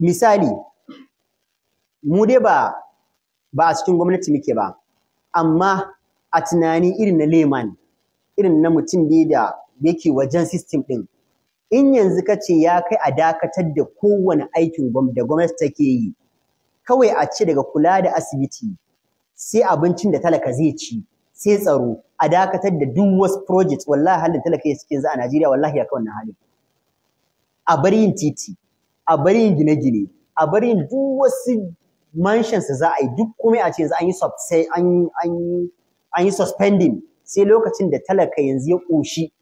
misali mu dai ba ba a cikin gwamnati muke ba amma a tunani irin na leman irin na mutum ne da yake wajen system ɗin in yanzu ka ce ya kai a dakatar da kowane aikin da gwamnati take yi kawai a ce daga kula da asibiti sai abincin da talaka zai ci sai tsaro a dakatar da duk wasu project wallahi halin talaka ya cikin za a Najeriya wallahi ya kai wannan halin a bar yin titi a bari gine-gine a bari duk wasu mansions za a yi duk komai a ce yanzu an yi an sai lokacin da talaka yanzu ya ƙoshi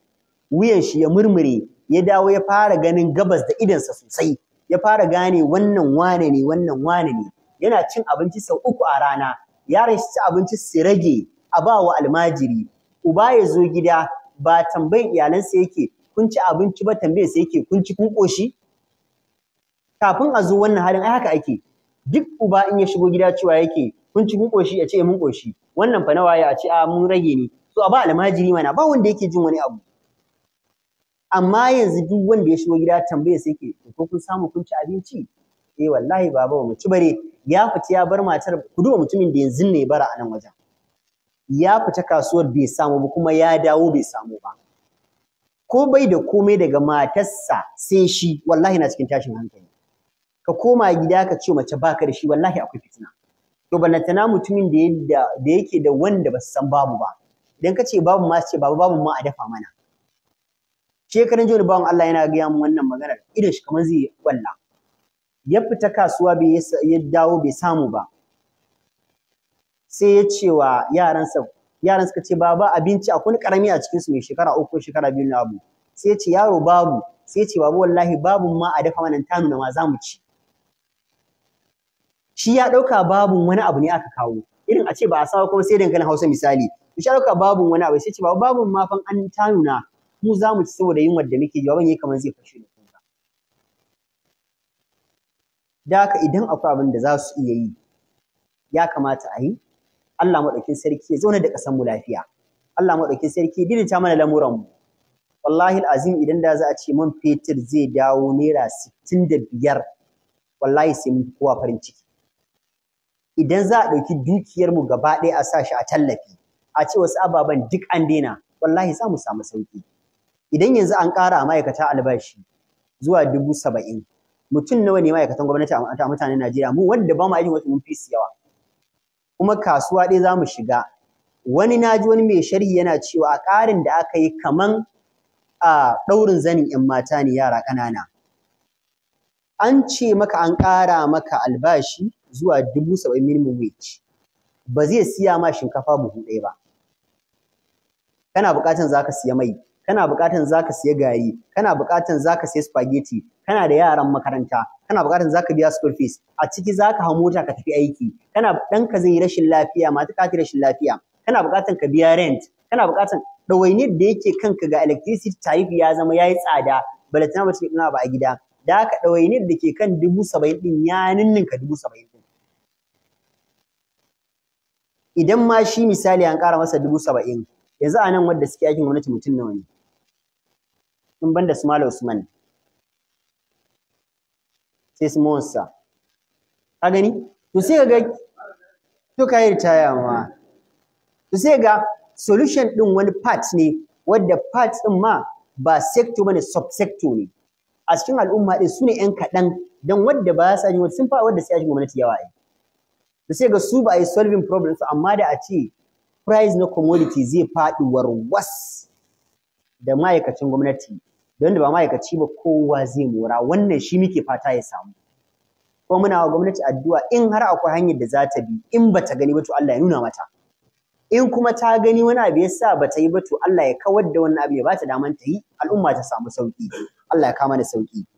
wuyan shi ya murmure ya dawo ya fara ganin gabas da idansa sosai ya fara gane wannan wane ne wannan wane ne yana cin abinci sau uku a rana yaran shi ci abinci su rage a ba wa almajiri uba ya zo gida ba tambayin iyalansa yake kun ci abinci ba tambayar sa yake kun ci kun ƙoshi kafin a zo wannan halin ai haka ake duk uba in ya shigo gida cewa yake kun ci kun koshi eh, a ce mun koshi wannan fa ya a ce a mun rage ne so a ba almajiri mana ba wanda yake jin wani abu amma yanzu duk wanda ya shigo gida tambaya sai ke ko kun samu kun ci abinci eh wallahi baba mu ci bare ya fita ya bar matar ku duba mutumin da yanzu ne bara a nan wajen ya fita kasuwar bai samu ba kuma ya dawo bai samu ba ko bai da komai daga matarsa sai shi wallahi na cikin tashin hankali ka koma gida ka ce mace baka da shi wallahi akwai fitina to na mutumin da da yake da wanda ba san babu ba idan ka ce babu ma ce babu babu ma a dafa mana shekaran jiya bawan Allah yana gaya mu wannan maganar idan shi kamar zai walla ya fita kasuwa bai ya dawo bai samu ba sai ya ce wa yaransa yaran suka ce baba abinci akwai karami a cikin su mai shekara uku ko shekara biyu na abu sai ya ce yaro babu sai ya ce babu wallahi babu ma a dafa mana ta nuna ma za mu ci shi ya ɗauka babun wani abu ne aka kawo irin a ce ba a sawa kuma sai dankalin hausa misali shi ya ɗauka babun wani abu sai ce ba babun ma fa an tanuna mu za mu ci saboda yin wadda muke jawaban yayi kamar zai fashe da kuka da haka idan akwai abin da za su iya yi ya kamata a yi Allah maɗaukin sarki ya zauna da ƙasar mu lafiya Allah maɗaukin sarki ya dinta mana lamuran mu wallahi azim idan da za a ce man fetur zai dawo naira sittin da biyar wallahi sai mun kowa farin ciki idan za a ɗauki dukiyarmu gaba ɗaya a sa shi a tallafi a ce wasu ababen duk an daina wallahi za mu samu sauki idan yanzu an ƙara a ma'aikata albashi zuwa dubu saba'in mutum nawa ne ma'aikatan gwamnati a mutanen Najeriya mu wanda ba mu aikin wasu mun fi su yawa kuma kasuwa ɗaya za mu shiga wani na ji wani mai sharhi yana cewa a ƙarin da aka yi kaman a ɗaurin zanin 'yan mata ne yara ƙanana an ce maka an ƙara maka albashi zuwa dubu saba'in minimum wage ba zai siya ma shinkafa buhu ɗaya ba kana buƙatan ka siya mai kana buƙatan ka siya gari kana buƙatan ka siya spaghetti kana da yaran makaranta kana buƙatan ka biya school fees a ciki za ka hau mota ka tafi aiki kana ɗanka zan yi rashin lafiya mata ka rashin lafiya kana buƙatan ka biya rent kana buƙatan ɗawainiyar da yake kanka ga electricity tarif ya zama ya yi tsada balatana ba ce ba a gida da haka ɗawainiyar da ke kan dubu saba'in ɗin ya ninninka dubu saba'in idan ma shi misali an ƙara masa dubu saba'in yanzu a nan wadda suke aikin gwamnati mutum nawa ne in ban da Sumala Usman sai su mawansa a gani to sai ga to ka yi ritaya ma to sai ga solution ɗin wani part ne wadda part ɗin ma ba sector bane subsector ne a cikin al'umma ɗin su ne 'yan kaɗan don wadda ba sa yi wadda sun fa wadda sai aikin gwamnati yawa yi da sai ga su ba a yi solving problems amma da a ce price na commodity zai faɗi warwas da ma'aikacin gwamnati don da ba ma'aikaci ba kowa zai mora wannan shi muke fata ya samu kuma muna wa gwamnati addu'a in har akwai hanyar da za ta bi in ba ta gani ba to Allah ya nuna mata in kuma ta gani wani abu ya sa ba ta yi ba to Allah ya kawar da wannan abu ya ba ta daman ta yi al'umma ta samu sauki Allah ya kama da sauki